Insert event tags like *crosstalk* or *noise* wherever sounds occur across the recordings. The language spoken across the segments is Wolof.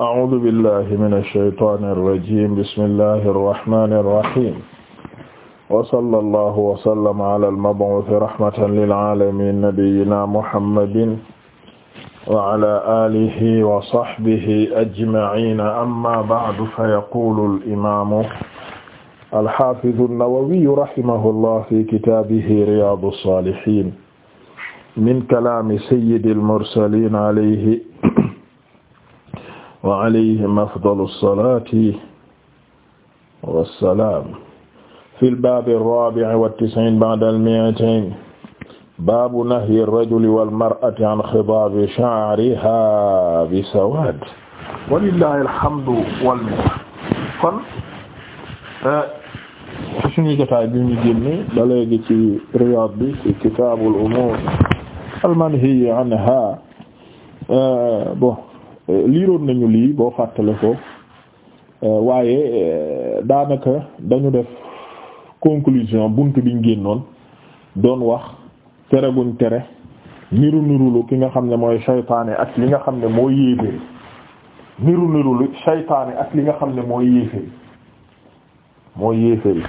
أعوذ بالله من الشيطان الرجيم بسم الله الرحمن الرحيم وصلى الله وسلم على المبعوث رحمة للعالمين نبينا محمد وعلى آله وصحبه أجمعين أما بعد فيقول الإمام الحافظ النووي رحمه الله في كتابه رياض الصالحين من كلام سيد المرسلين عليه wa alayhim afdalu salaati wa salaam. fil baabi raabi'i wa tisiin ba'dal mi'atayn baabu nahyi rajuli wal mar'ati an xidaabi sha'rihaa bi sawaad. walillaahi alhamdu wal minna. kon. Eh, suñu jotaay bi ñu génn ba léegi ci Riyaad bi ci kitaabul umuur al manhiyyi anhaa eh, bon. Euh, liiroon nañu lii boo fàttale ko euh, waaye euh, daanaka dañu def conclusion bunt biñ génnoon doon wax tere guñ tere niru nirulu ki nga xam ne mooy saytaane ak li nga xam ne mooy yéeféer niru nirulu saytaane ak li nga xam ne mooy yéeféer mooy yéeféer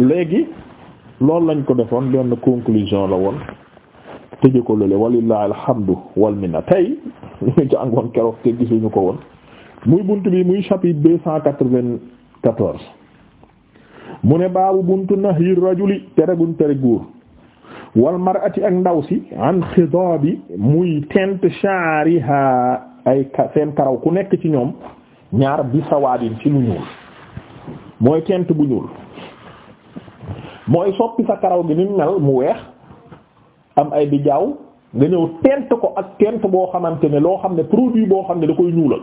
léegi loolu lañ ko defoon benn conclusion la woon tëje ko lële walillahi alhamdu wal minna tey lu ñu jàngoon keroog te gisuñu ko woon muy bunt bi muy chapitre deux cent quatre-vingt-quatorze mu ne baabu buntu nahyi rajuli tere guñ tere góor wal mar'ati ak ndaw si an bi muy tent sha'riha ay seen karaw ku nekk ci ñoom ñaar bi sawaadin ci lu ñuul mooy tent bu ñuul mooy soppi sa karaw gi ni mel mu weex am ay bijaaw nga ñëw tent ko ak tent boo xamante ne loo xam ne produit boo xam ne da koy ñuulal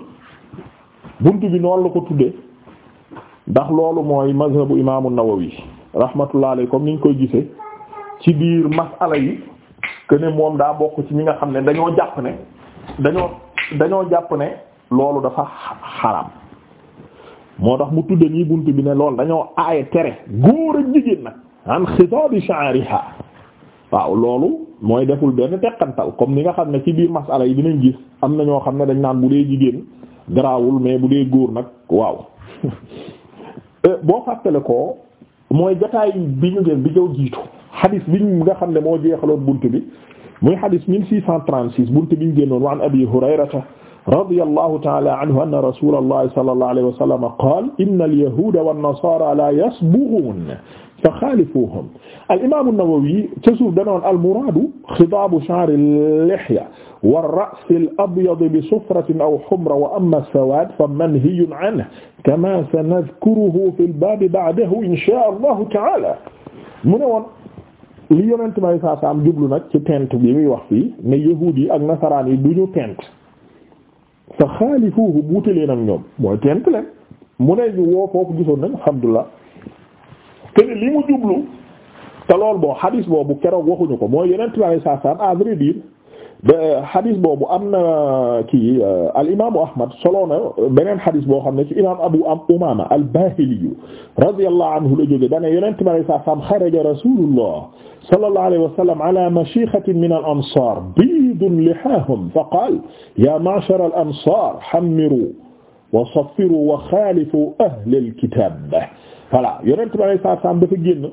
bunt bi noonu la ko tuddee ndax loolu mooy mazhabu imaamu Nawawi rahmatullah alayhi comme niñ koy gisee ci biir masala yi que ne moom daa bokk ci ñi nga xam ne dañoo jàpp ne dañoo dañoo jàpp ne loolu dafa xaraam moo tax mu tuddee nii bunt bi ne loolu dañoo aaye tere góor ak jigéen nag an xitaabi sha'riha waaw loolu mooy deful benn teqantal comme mi nga xam ne ci biir masala yi dinañ gis am na ñoo xam ne dañ naan bu dee jigéen garaawul mais bu dee góor nag waaw *laughs* euh, boo fàttale ko mooy jotaay bi ñu gën bi jow jiitu xadis bi ñu nga xam ne moo jeexaloon bunt bi muy xadis 1636 bunt bi ñu génnoon wa an abi hurayrata radiyallahu ta'ala anhu anna rasulallahi sallallahu alayhi wa in qaala inna al-yahuuda wan-nasaara la yasbughuun fa xaalifuhum al imaamu Nawawi ca suuf danoon al muraadu xitaabu sha'ri lihya wa ra'si al abyad bi sufratin aw humra wa amma sawaad fa manhiyun anhu kamaa sanadhkuruhu fil baabi ba'dahu inshaa Allahu ta'aalaa mu ne woon li yonent may saa saam jublu nag ci tent bi muy wax fii ne yahuud yi ak nasaraan yi duñu tent fa xaalifuuhu buute leen ak ñoom mooy tent leen mu ne ñu woo foofu gisoon nañ alhamdulillah que ne li mu jublu te lool boo xadis boobu keroog waxuñu ko mooy yeneen tubaab yi saa saa à vrai dire ba xadis boobu am na kii euh, al imaamu Ahmad solo na beneen xadis boo xam ne ci imaam Abu Umaama al Baahili radiyallahu anhu la jógee da ne yeneen tubaab yi saa saa xaraja rasuulullah sallallahu alayhi wa sallam ala mashiikhatin min al ansaar biidun lihaahum fa qaala yaa ma'shar al ansaar hammiru wa saffiru wa xaalifu ahlal kitaab voilà yonent bi alayhi salaatu salaam dafa génn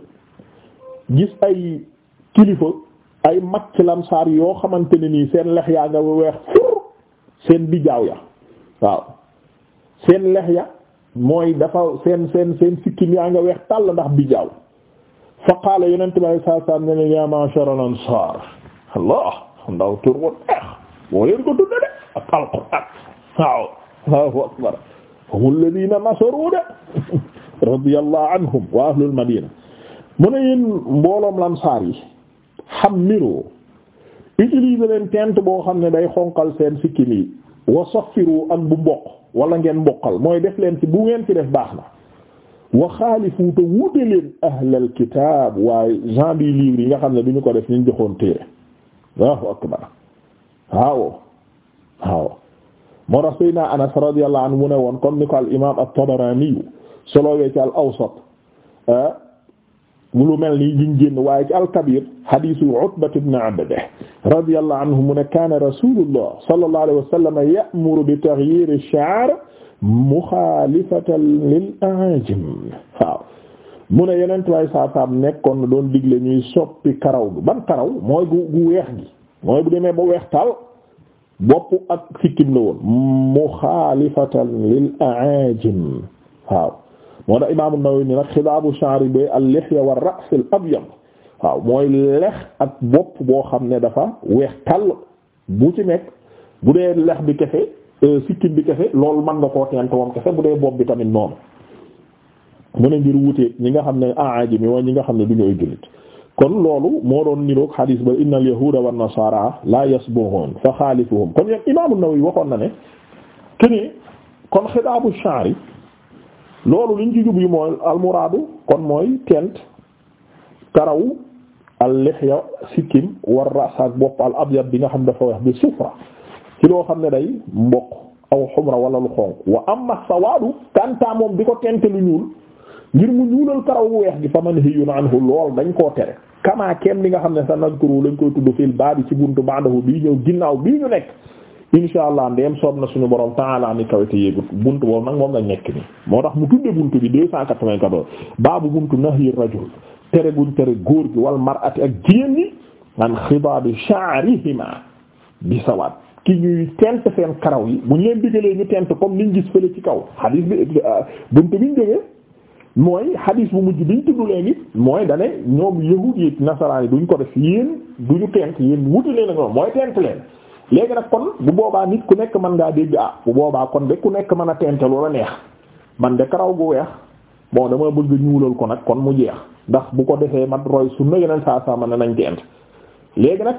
gis ay kilifa ay makk lamsaar yoo xamante ne nii seen lex yaa nga weex fur seen bijaaw ya waaw seen lex ya mooy dafa seen seen seen sikkim yaa nga weex tàll ndax bijaaw fa qaala yonent bi alayhi salaatu salaam ne ne allah ndaw tur woon leen ko tudde de ak alquraan waaw allahu akbar humul ladina nasaru de *laughs* radiyallahu anhum wa ahlul madina mu ne yéen mbooloom lansaar yi xammiru utiliser leen teint boo xam ne day xonqal seen sikkim yi wa saffiru ak bu mboq wala ngeen mboqal mooy def leen ci bu ngeen ci def baax na wa xaalifu te wuute leen ahlal kitaab waaye gens bi livre yi nga xam ne du ñu ko def ñu joxoon téere waaw akbar waaw waaw moo tax Seydina Anas radiyallahu anhu mu ne woon comme ni ko al imaam at-Tabarani solowee ci al awsat ah, lu mel ni liñ génn waaye ci alkabir hadisu utbat ibn abd radiyallahu anhu mu ne kaana rasulullah sallallahu alayhi wa sallam ya'muru bi taghyir ash mu ne yeneen tuwaay saa nekkoon na doon digle ñuy soppi karaw bi ban karaw mooy gu weex gi mooy bu demee ba weex tal bopp ak sikkim la woon muxaalifatan lil a'jam waaw moo tax Imaam An-Nawawi ni nag xilaabu sha'ri bi al-lihya wa ar-ra's al waaw mooy lex ak bopp boo xam ne dafa weex tàll bu ci nekk bu dee lex bi kese euh, sikkim bi kese loolu man nga koo teent woon kese bu dee bopp bi tamit noonu mu ne ngir wuteeg ñi nga xam ne aajami waaye ñi nga xam ne du ñooy jullit kon loolu moo doon niroog xadiis ba inna al-yahuuda wa an-nasaara laa yasbuhuun fa xaalifuhum kon yéen Imaam an waxoon na ne kene kon xilaabu sha'ri loolu liñ ci jublu mooy almuraadu kon mooy tent karaw al lihya sikkim war ras ak bopp al abyad bi nga xam dafa weex bi sufra ci loo xam ne day mboq aw xumra wala lu xonq wa amma sawaadu kanta moom di ko tent lu ñuul ngir mu ñuulal karaw weex gi fa manhiyun anhu lool dañ koo tere kamaa kem li nga xam ne sa nadkuru lañ koy tudd baa baabi ci buntu ba'dahu bii ñëw ginnaaw bii ñu nekk insha allah ndeem soob na suñu borom taala ni kawete yéegut bunt boobu nag moom lañ nekk nii moo tax mu tudde bunt bi deux cent quatre-vingt-quatorze baabu bunt nahyi rajul tere guñ tere góor gi wal mar'ati ak jigéen ñi an xidaabi sha'rihima bi sawaat ki ñuy tent seen karaw yi buñ leen diggalee ñu tent comme niñ gis fële ci kaw xadiis bi bunt ñu jógee mooy xadiis bu mujj biñ tudd léegi mooy dane ñoom yahuud yi nasaraan yi duñ ko def yéen duñu tent yéen wuti leen mooy léegi nag kon bu boobaa nit ku nekk mën ngaa dégg ah bu boobaa kon de ku nekk mën a teental wala neex man de karaw gu weex bon dama bëgg ñuulal ko nag kon mu jeex ndax bu ko defee man roy sunna yeneen saa saa mën na nañ teent léegi nag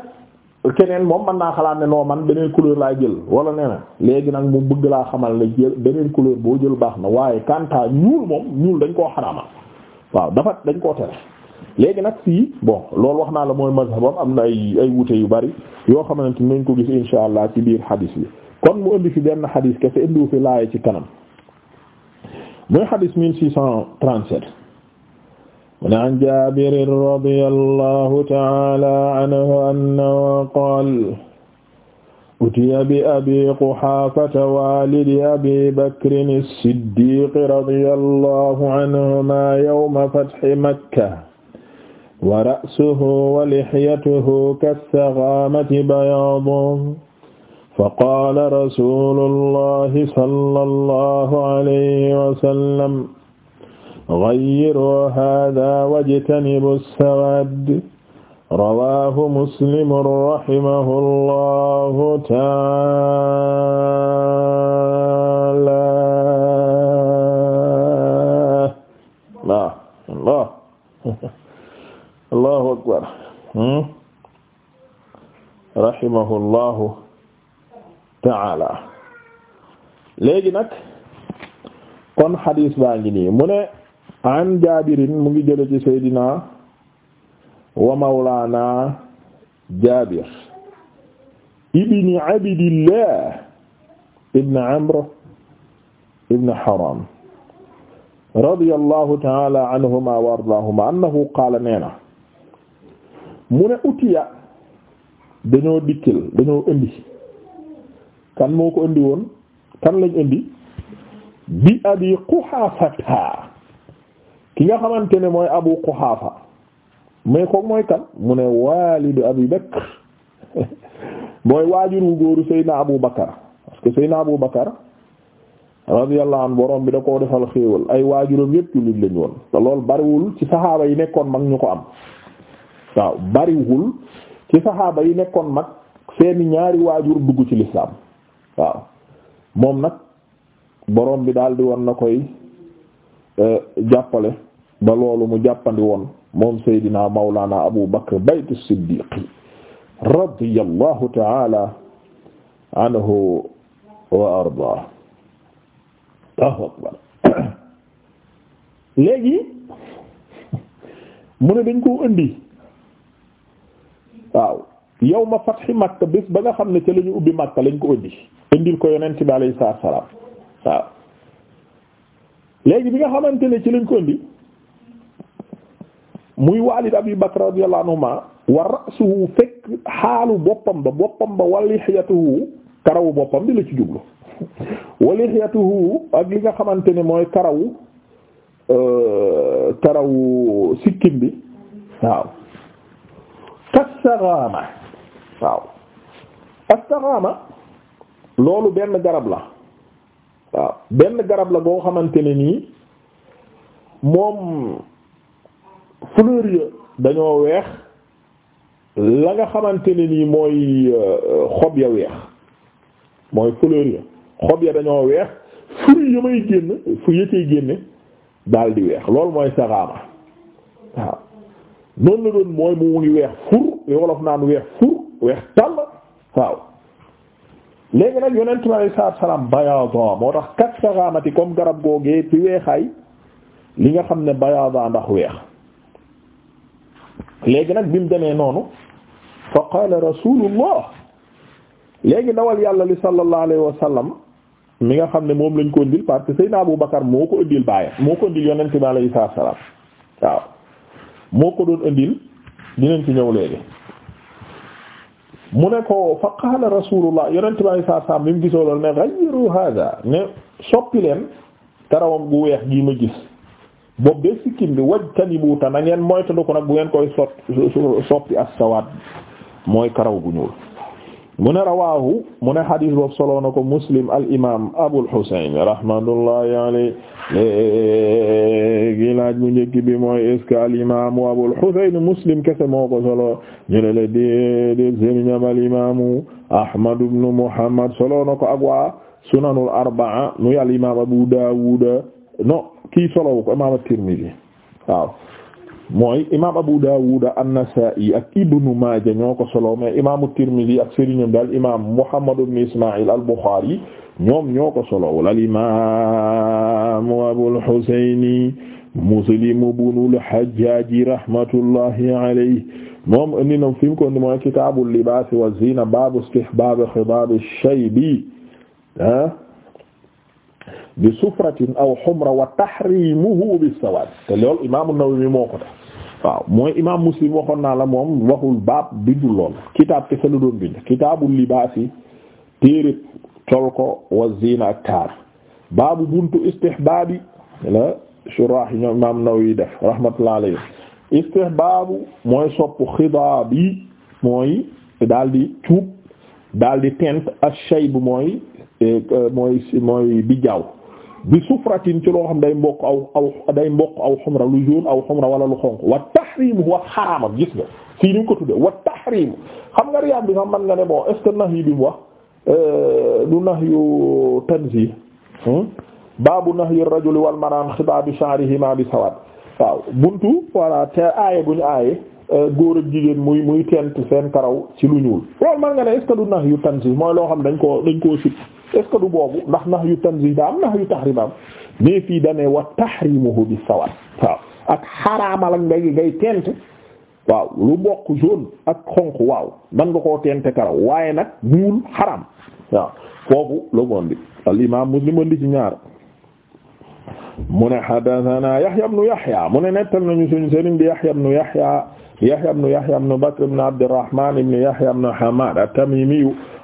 keneen moom mën naa xalaat ne noo man beneen couleur laa jël wala nee na léegi nag mu bëgg laa xamal ne jël beneen couleur boo jël baax na waaye kanta ñuul moom ñuul dañ koo xaraamal waaw dafa dañ koo tere léegi nag fii bon loolu wax naa la mooy mazhabam am na ay ay wute yu bari yoo xamante ni nañ ko gis insha allah ci biir xadiis bi kon mu indi fi benn xadiis kese indiwu fi laaya ci kanam muy xadiis 1637 mu ne an Jaabir radiyallahu ta'ala anhu annahu qaala utiya bi abi quhaafata waalidi abi bakrin as-siddiq radiyallahu anhumaa yawma fathi makka wa ra'suhu wa lihyatuhu kas-saghaamati bayaadun faqaala rasuulullahi sallallahu alayhi wa sallam ghayyiruu haadhaa wajtanibuu as-sawaad rawaahu muslimun rahimahullahu ta'aalaa *laughs* allahu akbar hmm? rahimahullahu taala léegi nag kon xadiis baa ngi nii mu ne an jaabirin mu ngi jële ci seydina wa mawlaana jaabir ibni abdillah ibn amr ibn haram radiyallahu taala anhuma wa ardaahuma annahu qaala neena mu ne utiya dañoo dikkal dañoo indi kan moo ko indi woon kan lañ indi bi abi quxaafata ki nga xamante ne mooy abu quxaafa mais ko mooy kan mu ne walidu abi bakr *laughs* mooy waajuru góoru seyna abu bakar parce que seyna abu bakar radiyallahu anhu borom bi da koo defal xéewal ay waajuram yépp jullit lañ woon lool loolu bariwul ci saxaaba yi nekkoon mag ñu ko am waaw bariwul ci saxaaba yi nekkoon mag seeni ñaari waajur dugg ci lislaam waaw moom nag boroom bi daal di woon na koy eh, jàppale ba loolu mu jàppandi woon moom Seydina Mawlana Abu Bakr baytu siddiqi radiyallahu taala anhu wa ardaa *coughs* léegi mu ne dañ koo indi waaw yow yawma fathi Makka bés ba nga xam ne ca la ubbi Makka lañ ko indi indil ko yonent bi alayhi salaam waaw léegi bi nga xamante ne ci lañ ko indi muy walid Abi Bakr wa ra'suhu fekk xaalu boppam ba boppam ba wa lihiyatuhu karawu boppam bi la ci jublu *laughs* wa lihiyatuhu ak li nga xamante ne mooy karawu euh, karawu sikkim bi waaw astaxaama waaw astaxaama loolu benn garab la waaw benn garab la boo xamante ne nii moom fleur ya dañoo weex la nga xamante ne nii mooy euh, xob ya weex mooy fleur ya xob ya dañoo weex fruit ya may génn fruit ya cay génne daal di weex loolu mooy saxaama waaw noonu la doon mooy mu ngi weex fur li wolof naan weex fur weex tàll waaw léegi nag yonent bi alayhi salaatu salaam bayaada moo tax kat sa comme garab googee ci weexaay li nga xam ne bayaada ndax weex léegi nag bi mu demee noonu fa qaala rasulullah léegi dawal yàlla li sallallahu alayhi wa mi nga xam ne moom lañ ko ndil parce que Seydina Abu Bakar moo ko indil baayam moo ko indil yonent bi alayhi salaatu salaam waaw moo ko doon indil dinañ ki ñëw léegi mu ne ko fa qaala rasulullah yonent bi saa saam bi mu gisoo loolu ne ghayyiru hada ne soppi leen tarawam gu weex gi ma gis boobu bee sikkim bi wajtanibu ta na ngeen ko nag bu ngeen koy sot soppi as-sawaad mooy karaw gu ñuul mu ne rawaahu mu ne xadis solo na ko muslim al imaam Abul Husayn rahmatullahi alayhi léegi mu njëkk bi mooy est-ce que al imaam Abul Husayn muslim kese moo solo ñu ne la déedéet sëriñam al imaam Ahmad ibn Muhammad solo na ko ak waa sunanul arba'a muy al imaam Abu Dawud non kii solo ko imaam at-Tirmidhi waaw. mooy imaam Abu Dawud an-Nasa'i ak Ibnu Maaja ñoo ko solo mais imaamu Tirmidhi ak sëriñam daal imaam Muhammad ibn Isma'il al-Bukhari ñoom ñoo ko solo wala al-imaamu Abul Husayni Muslim ibnu al-Hajjaj rahmatullahi alayhi moom indi na fi mu ko indi mooy kitaabul libaas wa ziina baabu istihbaab xidaab ash-shaybi ah, bi sufratin aw humra wa tahrimuhu bis-sawaad te loolu imaam an-Nawawi moo ko def waaw mooy imaam muslim waxoon naa la moom waxul baab bindul lool kitaab kese la doon bind kitaabul libaasi téere col ko wa zina ak taar baabu buntu istihbaabi la surah ñoom imaam Nawawi def rahmatullah alayhi istihbaabu mooy sopp xidaa bi mooy daal di cuub daal di tent ak shayb eh, mooy mooy mooy bijaaw bi sufratin ci loo xam day mbokk aw aw day mbokk aw xumra lu jaune aw xumra walla lu xonq wa tahrimu wa xaraamam gis nga fii ni ko tudde wa tahrimu xam nga riyaat bi sax mën nga ne bon est ce que nahyu bi mu wax euh, du nahyu tanzih hmm? baabu nahyu rajuli wal mar'an xitaabi sha'rihima bi sawaad waaw buntu voilà te aaye bu ñu aaye euh, góor ak jigéen muy muy tent seen karaw ci lu ñuul loolu mën nga ne est ce que du nahyu tanzih mooy loo xam dañ koo dañ koo est boobu ndax nax yu tanzih am nax yu tahrim am mais fii dane wa tahrimuhu bi sawat waaw ak xaraamal ak ngay ngay tent waaw lu bokk jaune ak xonq waaw man nga koo teente karaw waaye nag ñuul xaram foofu logoon bi al imam Muslim andi ci ñaar mu ne hadathana Yahya ibn Yahya mu ne nettal na ñu sëriñ bi Yahya ibn Yahya Yahya ibn Bakr ibn Abd al-Rahman ibn Yahya ibn Hamad at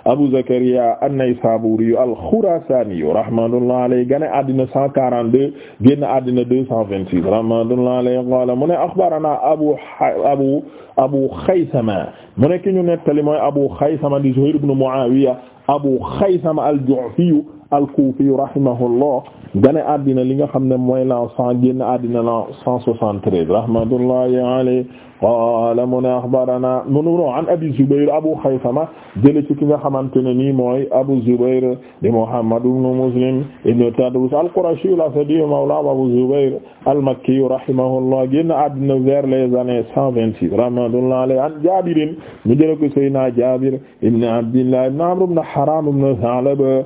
Abu Zakariya an-Naysaburi al-Khurasani rahmatullahi alayhi gane addina 142 génn addina 226 rahmatullahi alayhi qala mu ne akhbarana Abu Abu Abu Khaysama mu ne ki ñu nettali mooy Abu Khaysama di Zuhayr ibn Muawiya Abu Khaysama al-Ju'fi al-Kufi rahimahullah gane addina li nga xam ne mooy la cent génn addina la cent soixante-treize rahmatullahi alayhi qaala mu ne axbarana munuro an Abi Zubayr Abu Xaysama jële ci ki nga xamante ne nii mooy Abu Zubayr di Muhammad ibn Muslim ibn Tadrus al-Qurashi al-Asadi mawla Abu Zubayr al-Makki rahimahullah génn addina vers les années cent vingt-six rahmatullahi alayhi an Jaabirin mu jële ko Seydina Jaabir ibn Abdillah ibn Amr ibn Haram ibn Tha'laba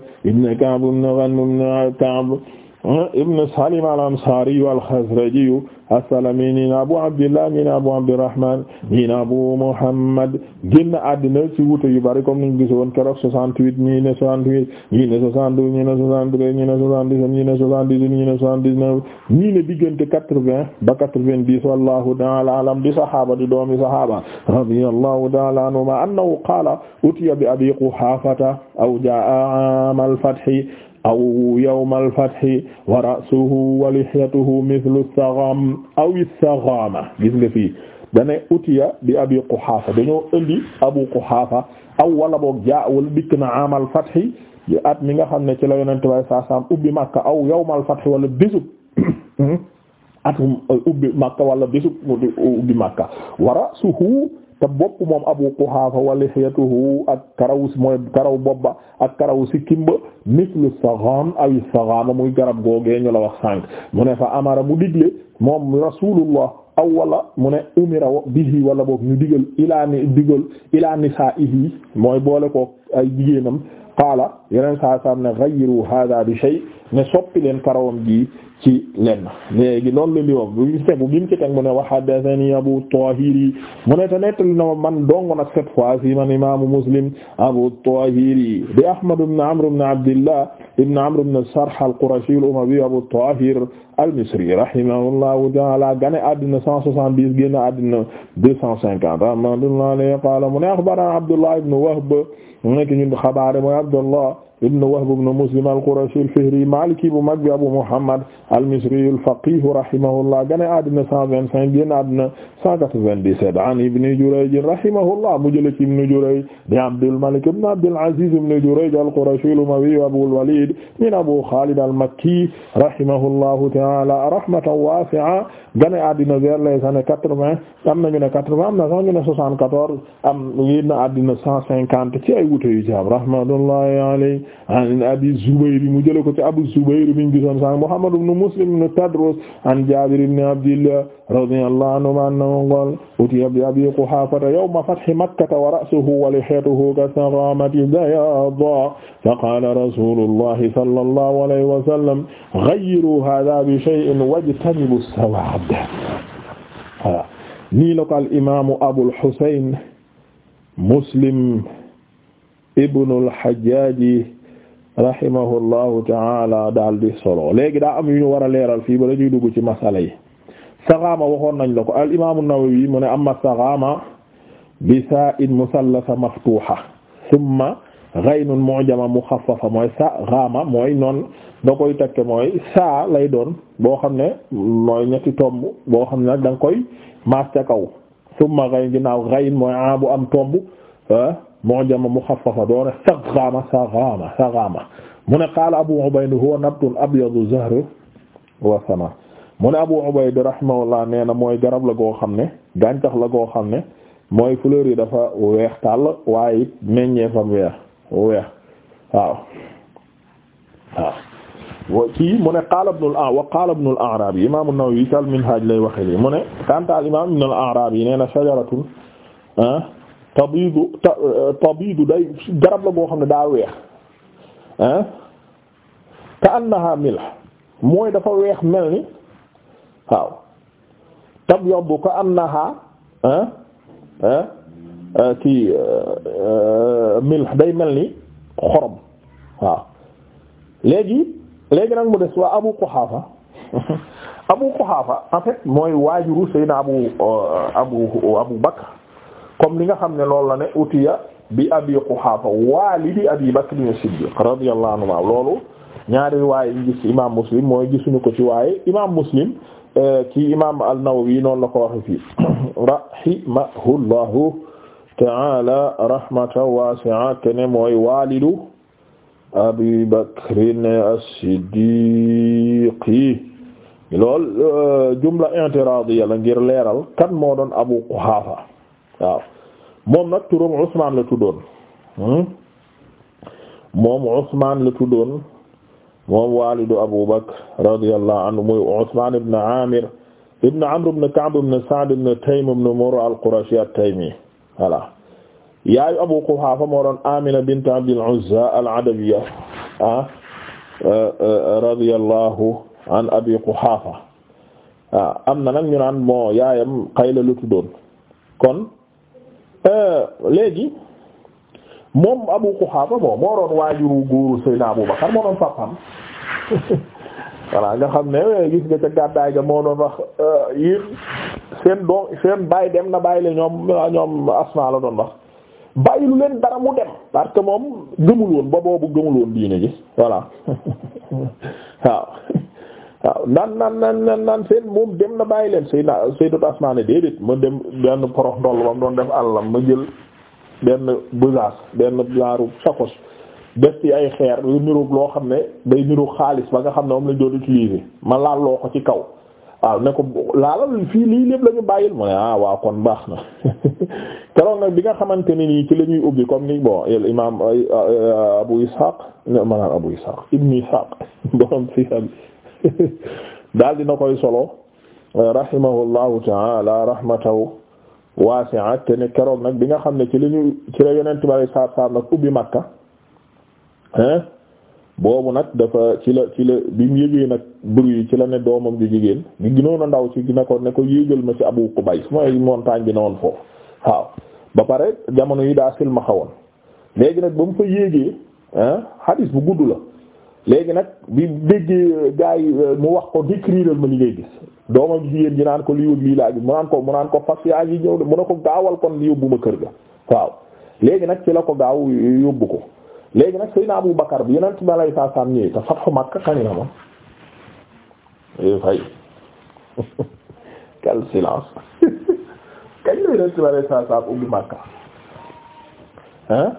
Kaab ibn Ganm ibn Kaab ibn Salim al-Ansari al-Khazraji as-Salami ñi na Abu Abdillah ñi na Abu Abdurrahman ñi na Abu Muhammad génn àddina ci wuute yu bari comme niñ gisoon keroog 68 ñi ne 68 ñi ne 72 ñi ne 73 ñi ne 77 ñi ne 78 ñi ne 79 ñi ne diggante 80 ba 90 wallahu ta'ala a'lam di sahaaba di doomi sahaaba radiyallahu ta'ala anhuma annahu qaala utiya bi Abi Quhaafata aw jaa'a amal fathi aw yawma al-fathi wa ra'suhu wa lihyatuhu mithlu as-sagham aw as-saghama gis nga fii dane utiya bi abi quhafa dañoo indi abu quhafa aw wala boog jaa wala dikk na amal fathi at mi nga xam ne ci la yonente bay saa saam ubbi makka aw yawmal fathi wala bésub *coughs* at uh, ubbi makka wala bésub uh, ubbi makka wara suhu te bopp moom abu quhafa wa lihiyatuhu ak karaw mooy karaw bobba ak karawu si kimba mislu ay aw saghama muy garab googee ñu la wax sànq mu ne fa amara mu digle moom rasulullah aw wala mu ne umira bihi wala book ñu digal ilaa ni digal nisaihi mooy boole ko ay jigéenam qaala yeneen saa saam ne ghayru hadha bi shay ne soppi leen karawam gi ci lenn léegi loolu la liwam bu tegu bi mu ci teg mu ne wa haddathani Abu Tahiri mu ne te nettali na man dong nag cette fois ci man imaamu Muslim Abu Tahiri bi Ahmad ibn Amr ibn Abdillah ibn Amr ibn Sarh al-Qurashi al-Umawi Abu Tahir al-Misri rahimahullahu ta'ala gane àddina 170 génn àddina 250 rahmatullahi alayhi qala mu ne akhbarana Abdullah ibn Wahb mu nekk ñun xabaare mooy Abdullah ibn Wahb ibn Muslim al-Qurashi al-Fihri maliki bu mag bi Abu Muhammad al-Misri al-faqih rahimahullah gane àddina 125 génn àddina 197 an Ibn Jurayj rahimahullah mu jële ci Ibn Jurayj di Abdul Malik ibn Abdul Aziz ibn Jurayj al-Qurashi al-Umawi Abul Walid min Abu Khalid al-Makki rahimahullahu ta'ala rahmatan wasi'a gane àddina vers les années 80 am nañu ne 80 am na sax ñu ne 74 am yéen a àddina 150 ci ay wute yu ci am rahmatullahi alayhi an Abi Zubayr mu jële ko ci Abu Zubayr mi ngi gisoon sax Muhammad ibn Muslim ibn Tadrus an Jabir ibn Abdillah radiyallahu anhu annahu qaala utiya bi abi quhaafata yawma fathi makkata wa ra'suhu wa lihyatuhu ka-sagaamati baydaa faqaala rasuulullahi sallallahu alayhi wa sallam ghayyiruu haadhaa bi shay'in wajtanibu as-sawaad nii la ko al imaamu Abul Husayn Muslim ibnul Hajjaaj rahimahullahu ta'aala daal di solo léegi daa am yu ñu war a leeral fii ba la ñuy dugg ci masala yi saxaama waxoon nañ la ko al imaamu Nawawi mu ne amma saxaama bi saa'in musallasa maftuuxa summa ghaynun mu'jama mukhaffafa mooy saxaama mooy noon da koy takke mooy sa lay doon boo xam ne mooy ñetti tomb boo xam ne nag da koy maas ca kaw summa ghayn ginnaaw ghayn mooy am tomb mu'jama mukhaffafa doon saxaama saxaama saxaama mu ne qaala Abu Ubayd huwa nabtun abyadu zahri wa mu ne Abu Ubayd rahimahullah nee na mooy garab la goo xam ne gàncax la goo xam ne mooy fleur yi dafa weex tàll waaye it meññeefam weex weex waaw waaw kii mu ne qaala ibnul a wa qaala ibnul A'raabi imaam an-Nawawi tal Minhaaj lay waxe li mu ne kantaal imaam ibnul A'raabi nee na shajaratun ah, tabiidu tabiidu day garab la goo xam ne daa weex ah, ka annaha milh mooy dafa weex mel ni waaw tab yobbu ko annaha ah ah kii euh, day mel ni xorom waaw léegi léegi nag mu des waa Abu Quhafa *laughs* Abu Quhafa en fait mooy waajuru Seydina Abu euh, Abu Abu Bakr comme li nga xam ne loolu la ne utiya bi Abi Quhafa walidi Abi Bakr as-Siddiq radiyallahu anhu loolu ñaari waaye gis imam Muslim mooy gisuñu ko ci waaye imam Muslim kii imaam an-Nawawi noonu la ko waxe fii *clears throat* rahimahullahu ta'ala rahmatan wasi'a kene mooy walidu Abi Bakrin as-Siddiqi lool euh, jumla i'tiraadiyya la ngir leeral kan moo doon Abu Quhaafa waaw moom nag turam Usmaan la tuddoon hmm? moom Usmaan la tuddoon moom walidu Abu Bakr radiyallahu anhu muy Usman ibn Amir ibn Amr ibn Ka'b ibn Sa'd ibn Taym ibn Murra al-Qurashi at-Taymi voilà yaayu Abu Quhafa moo doon Amina bint Abdil Uzza al-Adawiyya ah euh, euh, radiyallahu an Abi Quhafa ah am na nag ñu naan moo yaayam Qayla la tuddoon kon euh, léegi moom Abu Quhafa bon moo doon waajuru góoru Seydina Abu Bakar moo doon papam *laughs* voilà nga xam ne eh, gis nga ca gàddaay ga moo doon wax eh, yéen seen doom seen bàyyi dem na bàyyi la ñoom ah, ñoom Asma la doon wax bàyyi lu leen dara mu dem parce que moom gëmul woon ba boobu gëmul woon diine gi voilà *laughs* waaw waaw naan naan naan seen moom dem na bàyyi leen Seydina Seydou Asma ne déedéet ma dem benn porox ndoll ba doon def àllam ma jël. benn besace benn genre sakos def ci ay xeer lu niroog loo xam ne day niroog xaalis ba nga xam ne moom la doon utiliser ma laal loo ko ci kaw waaw ne ko laalal fii lii lépp la ñu bàyyil mu ne ah, waaw kon baax na *laughs* keroog nag bi nga xamante ni nii ci la ñuy ubbi comme ni boo el imam Abu Ishaq maanaam Abu Ishaq ibn Ishaq *laughs* borom si *laughs* daal dina koy solo rahimahullahu ta'ala rahmatahu waasi'a te ne keroog nag bi nga xam ne ci li ñu ci la yonent bi saa saa nag ubbi Makka hein boobu nag dafa ci la ci la bi mu yëgee nag bur yi ci la ne doomam ju jigéen gi ginoona ndaw ci gina ko ne ko yéegal ma ci Abu Qubays mooy montagne bi na woon foofu waaw ba pare jamono yi daa silma xawoon léegi nag ba mu fa yéegee hein xadiis bu gudd la léegi nag bi déggee gaa yi mu wax ko décrire ma li ngay gis doomam jigéen ji naan ko li yóbbu lii laa mu naan ko mu naan ko fas yaa ngi ñëw de mu ne ko gaawal kon li yóbbu ma kër ga waaw léegi nag ci la ko gaaw yóbbu ko léegi nag Seydina Abu Bakar bi yeneen ma lay saa saam ñëwee te Fathu Makka kañ la moom eh, fay *laughs* quel silence *laughs* kañ la yeneen ma lay saa saam ubbi Makka hein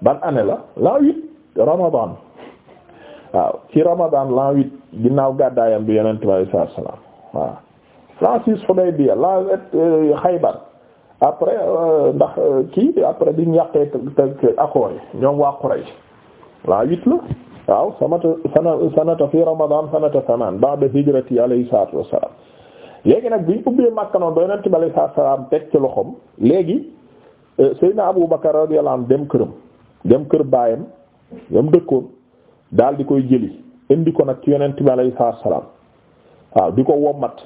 ban année la l'an huit Ramadan waaw ci Ramadan l'an huit ginnaaw gàddaayam bi yonent bi sallallahu alayhi wasallam waaw la six Hudaybiya la euh, après euh, ndax euh, kii après bi ñu yàqee accord yi ñoom waa Quraysh la huit la waaw sanata sana sanata fi ramadan sanata samaan ba'da hijrati alayhi salaatu wassalaam léegi nag bi ñu ubbee Makka noonu ba yonent bi alayhi salaatu teg ci loxoom léegi Seydina Abu Bakar radiyallahu anhu dem këram dem kër baayam yam dëkkoon daal di koy jëli indi ko nag ci yonent bi alayhi salaam waaw di ko wommat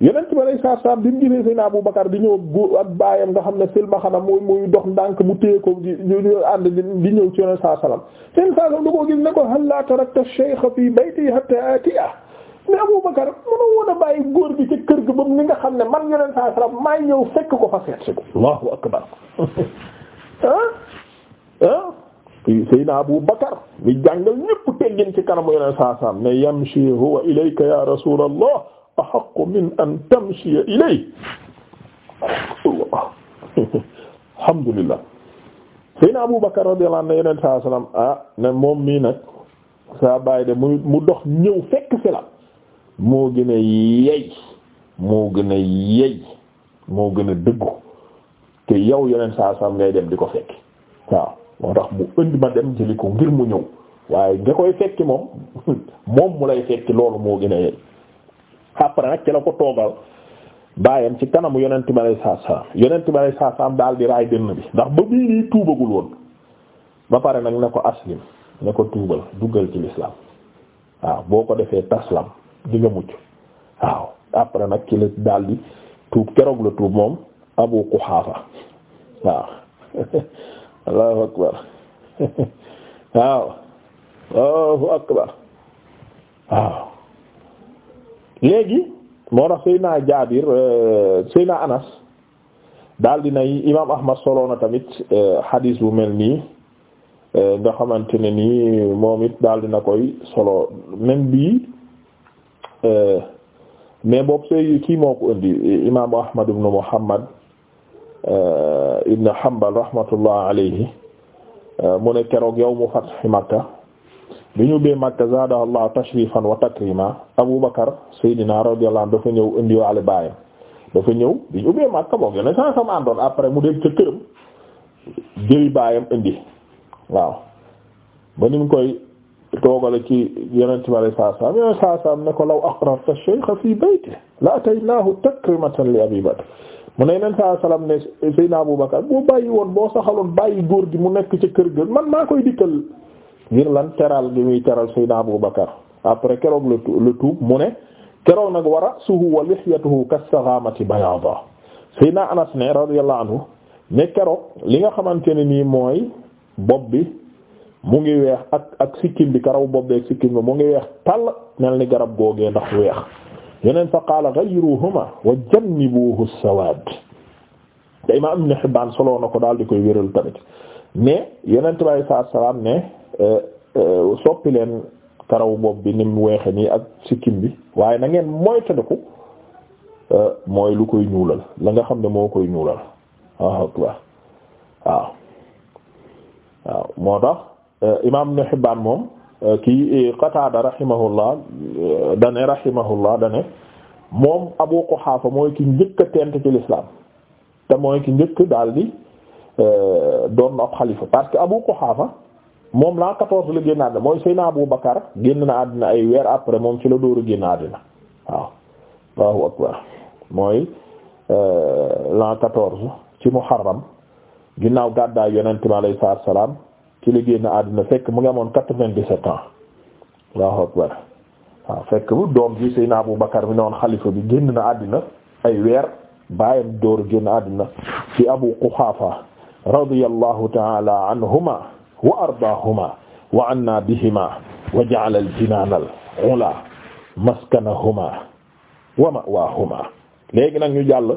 yonent bi alayhi salaam bi mu gisee Seydina Abu Bakar di ñëw ak baayam nga xam ne silma xanaa muy muy dox ndànk mu téye ko di ñu ànd di ñëw ci yonent salaam seen salaam da koo gis ne ko hallaa tarakta shaykha fii bayti hattaa aatiya ne Abu Bakar mënoo woon a bàyyi góor gi ci kër gi ba ni nga xam ne man yonent salaam maa ñëw fekk ko fa seet si ko Allahu akbar ah *laughs* ah Seydina Abu Bakar mi jàngal ñépp teggin ci kanamu Yonent saa saam ne yamshi huwa ilayka ya rasulallah ahaqqu min an tamshiya ilayhi *laughs* alhamdulillah Seydina Abu Bakar radiyallahu anhu Yonent saa saam ah ne moom mii nag saa bàyyi de mu mu dox ñëw fekk si la moo gën a yey moo gën a yey moo gën a dëggu te yow Yonent saa saam ngay dem di ko fekk waaw moo tax mu indi ma dem jëli ko ngir mu ñëw waaye nga koy fekki moom *laughs* moom mu lay fekki loolu moo gën a yegg après nag ci la ko toogal bàyyam ci kanamu yonent bi alayhi salaatu salaam yonent bi alayhi salaatu daal di raay dënn bi ndax ba bii nii tuubagul woon ba pare nag ne ko aslim ne ko tuubal duggal ci lislaam waaw boo ko defee taslam di nga waaw après nag ci la daal di tuub keroog la tuub moom Abu Quhaafa waaw *laughs* allahu akbar *laughs* waaw allahu akbar waaw léegi moo tax Seydina Jaabir euh, Seydina Anas daal dinay imaam Ahmad solo na tamit euh, xadiis mel nii euh, nga xamante ne nii moomit it daal koy solo même bii mais boobu sey kii moo ko indi Ahmad ibn Muhammad Uh, Ibn Hanbal rahmatullah alayhi uh, mu ne keroog yawmu fathi Makka bi ñu bee Makka zaadahu Allah tashrifan wa takrima Abu Bakar Seydina radiyallahu anhu dafa ñëw indiwaale baayam dafa ñëw bi ñu bee Makka boog yeneen saa sama àndoon après mu dem ca këram jëli baayam indi waaw ba ni mu koy toogale ci Yonent bi sallallahu alayhi wa sallam Yonent bi sallallahu alayhi ne ko law aqrarta ash fi baytihi la ataynaahu takrimatan li Abi Bakr mu ne leen saa salaam ne Seydina Aboubacar boo bàyyi woon boo saxaloon bàyyi góor gi mu nekk ci kër gi man maa koy dikkal ngir lan teral gi muy teral na Seydina Aboubacar après keroog la le tuub mu ne keroog nag wa ra'suhu wa lihyatuhu kas-saghamati bayada Seydina Anas ne radiyallahu anhu ne keroog li nga xamante ne nii mooy bopp bi mu ngi weex ak ak sikkim bi karaw bopp bi ak sikkim bi mu ngi weex tàll mel ni garab googee ndax weex. yeneen fa qaala ghayruhuma wa jannibuhu as-sawad imaam Ibn Hibbaan solo ko daal di koy wéral tamit mais yeneen tubaab saa salaam ne eh, eh, soppi leen karaw bopp bi ni mu weexe nii ak sikkim bi waaye na ngeen moytandiku eh, mooy lu koy ñuulal la nga xam ne moo koy ñuulal waaw moo tax imaam Ibn Hibbaan moom. Euh, kii euh, Qataada rahimahullah euh, dane rahimahullah dane moom Abu Quhaafa mooy ki njëkk tent ci l'islam te mooy ki njëkk daal di doon ab xalifa parce que Abu Quhaafa moom la 14 la génn àddina mooy Seydina Abu Bakar génn na àddina ay weer après moom ci la dóoru génn àddina waaw mooy la 14 ci Muharram ginnaaw gàddaay Yonent bi alayhi salaam ci la génn àdduna fekk mu ngi amoon quatre-vingt-dix-sept ans Allahu akbar waaw fekk bu doom ji Seydina Abu Bakar mi ne woon xalifa bi génn na àddina ay weer baayam dóor génn àddina ci Abu Quhafa radiyallahu ta'ala anhuma wa ardaahuma wa anna bihima wa ja'ala al-jinaan al-'ulaa maskanahuma wa ma'waahuma léegi nag ñu jàll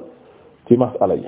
ci masala yi